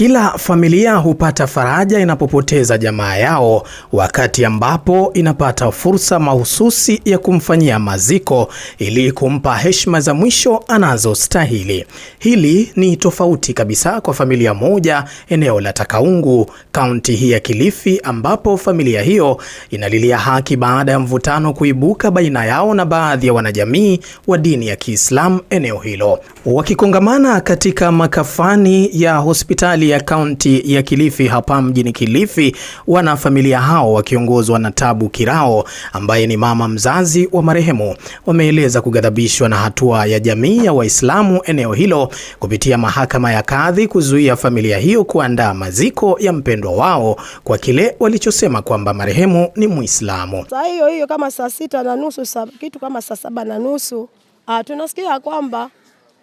Kila familia hupata faraja inapopoteza jamaa yao, wakati ambapo inapata fursa mahususi ya kumfanyia maziko ili kumpa heshima za mwisho anazostahili. Hili ni tofauti kabisa kwa familia moja eneo la Takaungu, kaunti hii ya Kilifi, ambapo familia hiyo inalilia haki baada ya mvutano kuibuka baina yao na baadhi ya wanajamii wa dini ya Kiislamu eneo hilo, wakikongamana katika makafani ya hospitali ya kaunti ya Kilifi hapa mjini Kilifi, wanafamilia hao wakiongozwa na Tabu Kirao ambaye ni mama mzazi wa marehemu wameeleza kugadhabishwa na hatua ya jamii ya Waislamu eneo hilo kupitia mahakama ya kadhi kuzuia familia hiyo kuandaa maziko ya mpendwa wao kwa kile walichosema kwamba marehemu ni Muislamu. Saa hiyo hiyo kama saa sita na nusu kitu kama saa saba na nusu ah, tunasikia kwamba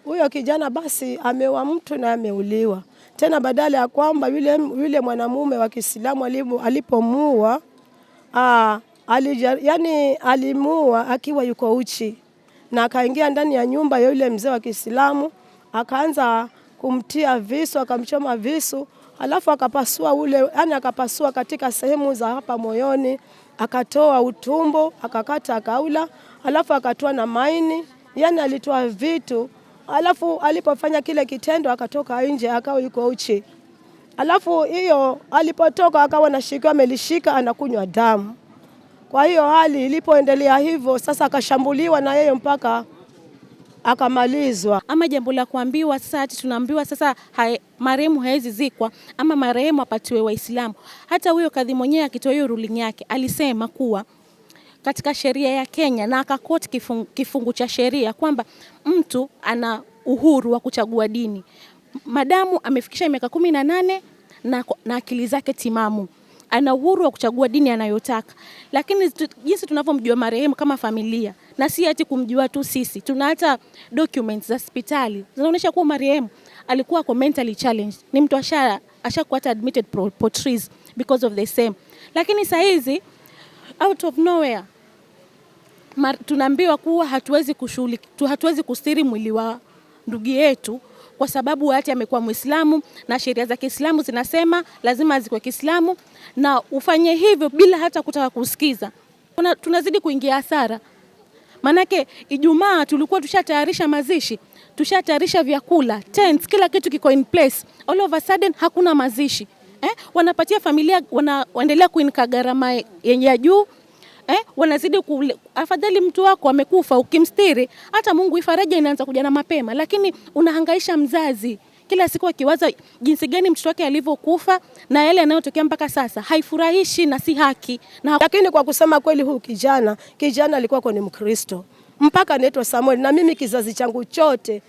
huyo kijana basi ameua mtu na ameuliwa tena, badala ya kwamba yule, yule mwanamume wa Kiislamu alipomua yani alimua akiwa yuko uchi, na akaingia ndani ya nyumba ya yule mzee wa Kiislamu akaanza kumtia visu, akamchoma visu, alafu akapasua ule, yani akapasua katika sehemu za hapa moyoni, akatoa utumbo, akakata, akaula, alafu akatoa na maini, yani alitoa vitu alafu alipofanya kile kitendo akatoka nje akawa yuko uchi, alafu hiyo alipotoka akawa nashikiwa amelishika anakunywa damu. Kwa hiyo hali ilipoendelea hivyo sasa, akashambuliwa na yeye mpaka akamalizwa. Ama jambo la kuambiwa sasa, ati tunaambiwa sasa hai, marehemu hawezi zikwa ama marehemu apatiwe Waislamu. Hata huyo kadhi mwenyewe akitoa hiyo ruling yake alisema kuwa katika sheria ya Kenya na akakoti kifungu, kifungu cha sheria kwamba mtu ana uhuru wa kuchagua dini madamu amefikisha miaka kumi na nane na akili zake timamu ana uhuru wa kuchagua dini anayotaka, lakini jinsi tunavyomjua marehemu kama familia, na si ati kumjua tu sisi, tuna hata documents za hospitali zinaonyesha kuwa marehemu alikuwa kwa mentally challenged, ni mtu asha ashakuwa admitted portrays because of the same, lakini saa hizi out of nowhere tunaambiwa kuwa hatuwezi tu, hatuwezi kustiri mwili wa ndugu yetu kwa sababu hati amekuwa Muislamu na sheria za Kiislamu zinasema lazima azikwe Kiislamu, na ufanye hivyo bila hata kutaka kusikiza, tunazidi kuingia hasara. Maanake Ijumaa tulikuwa tushatayarisha mazishi, tushatayarisha vyakula, tents, kila kitu kiko in place, all of a sudden hakuna mazishi eh, wanapatia familia, wanaendelea kuinka gharama yenye ya juu eh, wanazidi Afadhali mtu wako amekufa ukimstiri, hata Mungu ifaraja inaanza kuja na mapema, lakini unahangaisha mzazi kila siku akiwaza jinsi gani mtoto wake alivyokufa na yale yanayotokea mpaka sasa, haifurahishi na si haki na... Lakini kwa kusema kweli, huyu kijana kijana alikuwa ni Mkristo mpaka anaitwa Samuel, na mimi kizazi changu chote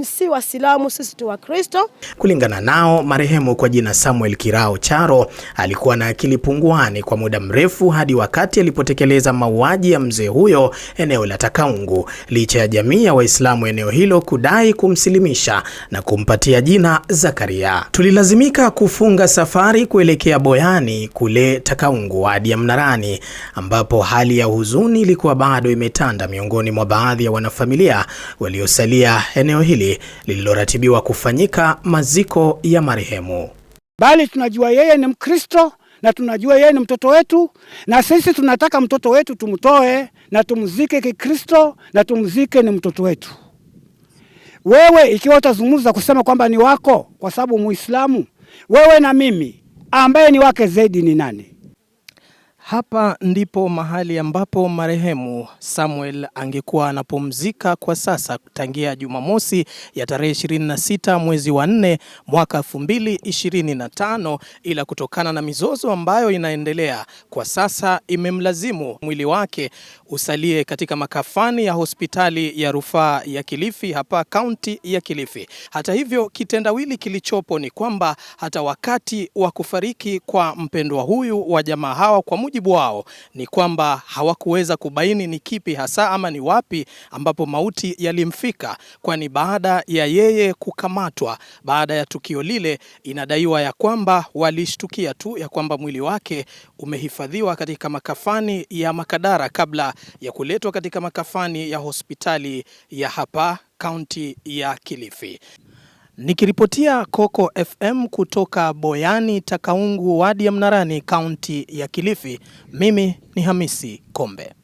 si Waislamu, sisi tu Wakristo. Kulingana nao, marehemu kwa jina Samuel Kirao Charo alikuwa na akili punguani kwa muda mrefu hadi wakati alipotekeleza mauaji ya mzee huyo eneo la Takaungu, licha ya jamii ya Waislamu eneo hilo kudai kumsilimisha na kumpatia jina Zakaria. Tulilazimika kufunga safari kuelekea Boyani kule Takaungu hadi ya Mnarani, ambapo hali ya huzuni ilikuwa bado imetanda miongoni mwa baadhi ya wanafamilia waliosalia eneo hili hili lililoratibiwa kufanyika maziko ya marehemu. Bali tunajua yeye ni Mkristo na tunajua yeye ni mtoto wetu, na sisi tunataka mtoto wetu tumtoe na tumzike Kikristo na tumzike ni mtoto wetu. Wewe ikiwa utazungumza kusema kwamba ni wako kwa sababu Muislamu, wewe na mimi ambaye ni wake zaidi ni nani? Hapa ndipo mahali ambapo marehemu Samuel angekuwa anapumzika kwa sasa tangia Jumamosi ya tarehe 26 mwezi wa 4 mwaka 2025, ila kutokana na mizozo ambayo inaendelea kwa sasa imemlazimu mwili wake usalie katika makafani ya hospitali ya rufaa ya Kilifi hapa kaunti ya Kilifi. Hata hivyo, kitendawili kilichopo ni kwamba hata wakati wa kufariki kwa mpendwa huyu wa jamaa hawa kwa mujibu mujibu wao ni kwamba hawakuweza kubaini ni kipi hasa ama ni wapi ambapo mauti yalimfika, kwani baada ya yeye kukamatwa, baada ya tukio lile, inadaiwa ya kwamba walishtukia tu ya kwamba mwili wake umehifadhiwa katika makafani ya Makadara kabla ya kuletwa katika makafani ya hospitali ya hapa kaunti ya Kilifi. Nikiripotia Koko FM kutoka Boyani Takaungu, wadi ya Mnarani, kaunti ya Kilifi, mimi ni Hamisi Kombe.